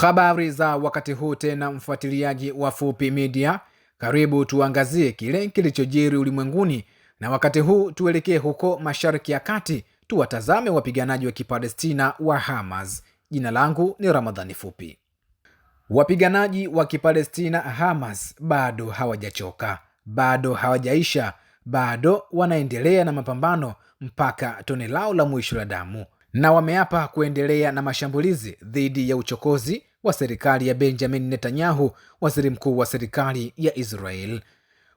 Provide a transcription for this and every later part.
Habari za wakati huu tena, mfuatiliaji wa Fupi Media, karibu tuangazie kile kilichojiri ulimwenguni, na wakati huu tuelekee huko Mashariki ya Kati, tuwatazame wapiganaji wa Kipalestina wa Hamas. Jina langu ni Ramadhani Fupi. Wapiganaji wa Kipalestina Hamas bado hawajachoka, bado hawajaisha, bado wanaendelea na mapambano mpaka tone lao la mwisho la damu, na wameapa kuendelea na mashambulizi dhidi ya uchokozi, wa serikali ya benjamin netanyahu waziri mkuu wa serikali ya israel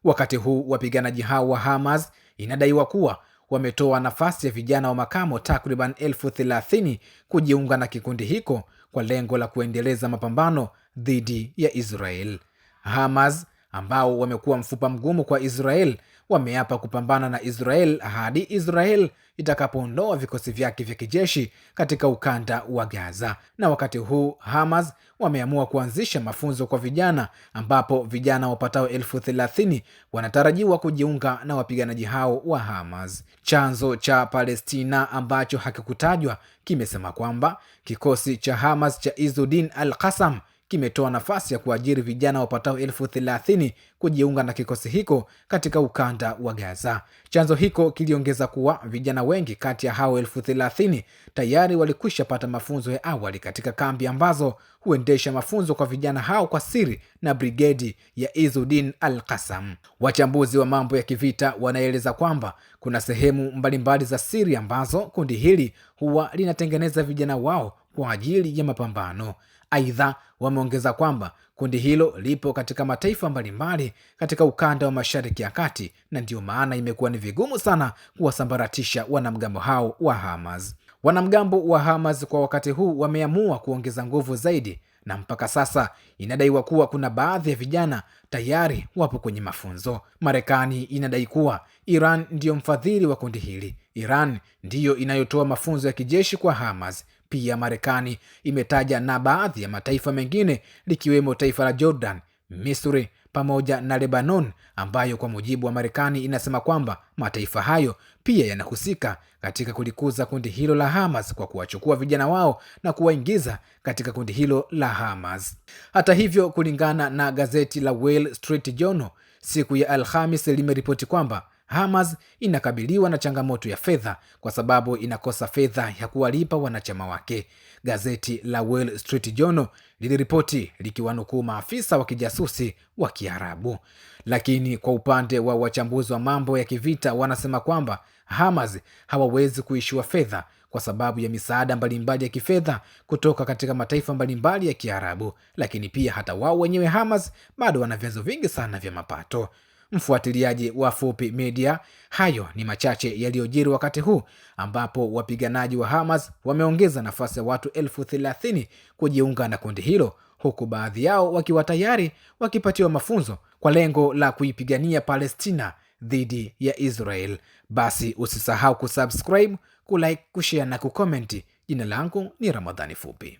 wakati huu wapiganaji hao wa hamas inadaiwa kuwa wametoa nafasi ya vijana wa makamo takriban elfu thelathini kujiunga na kikundi hiko kwa lengo la kuendeleza mapambano dhidi ya israel hamas ambao wamekuwa mfupa mgumu kwa Israel wameapa kupambana na Israel hadi Israel itakapoondoa vikosi vyake vya kijeshi katika ukanda wa Gaza. Na wakati huu Hamas wameamua kuanzisha mafunzo kwa vijana, ambapo vijana wapatao elfu thelathini wanatarajiwa kujiunga na wapiganaji hao wa Hamas. Chanzo cha Palestina ambacho hakikutajwa kimesema kwamba kikosi cha Hamas cha Izudin al Qassam kimetoa nafasi ya kuajiri vijana wapatao elfu thelathini kujiunga na kikosi hiko katika ukanda wa Gaza. Chanzo hiko kiliongeza kuwa vijana wengi kati ya hao elfu thelathini tayari walikwisha pata mafunzo ya awali katika kambi ambazo huendesha mafunzo kwa vijana hao kwa siri na brigedi ya Izudin Al Kasam. Wachambuzi wa mambo ya kivita wanaeleza kwamba kuna sehemu mbalimbali za siri ambazo kundi hili huwa linatengeneza vijana wao kwa ajili ya mapambano. Aidha, wameongeza kwamba kundi hilo lipo katika mataifa mbalimbali katika ukanda wa Mashariki ya Kati, na ndiyo maana imekuwa ni vigumu sana kuwasambaratisha wanamgambo hao wa Hamas. Wanamgambo wa Hamas kwa wakati huu wameamua kuongeza nguvu zaidi, na mpaka sasa inadaiwa kuwa kuna baadhi ya vijana tayari wapo kwenye mafunzo. Marekani inadai kuwa Iran ndiyo mfadhili wa kundi hili. Iran ndiyo inayotoa mafunzo ya kijeshi kwa Hamas. Pia Marekani imetaja na baadhi ya mataifa mengine likiwemo taifa la Jordan, Misri pamoja na Lebanon ambayo kwa mujibu wa Marekani inasema kwamba mataifa hayo pia yanahusika katika kulikuza kundi hilo la Hamas kwa kuwachukua vijana wao na kuwaingiza katika kundi hilo la Hamas. Hata hivyo, kulingana na gazeti la Wall Street Journal siku ya Alhamis limeripoti kwamba Hamas inakabiliwa na changamoto ya fedha kwa sababu inakosa fedha ya kuwalipa wanachama wake. Gazeti la Wall Street Journal liliripoti likiwanukuu maafisa wa kijasusi wa Kiarabu. Lakini kwa upande wa wachambuzi wa mambo ya kivita, wanasema kwamba Hamas hawawezi kuishiwa fedha kwa sababu ya misaada mbalimbali ya kifedha kutoka katika mataifa mbalimbali ya Kiarabu, lakini pia hata wao wenyewe Hamas bado wana vyanzo vingi sana vya mapato mfuatiliaji wa Fupi Media. Hayo ni machache yaliyojiri wakati huu ambapo wapiganaji wa Hamas wameongeza nafasi ya watu elfu thelathini kujiunga na kundi hilo, huku baadhi yao wakiwa tayari wakipatiwa mafunzo kwa lengo la kuipigania Palestina dhidi ya Israel. Basi usisahau kusubscribe, kulike, kushare na kukomenti. Jina langu ni Ramadhani Fupi.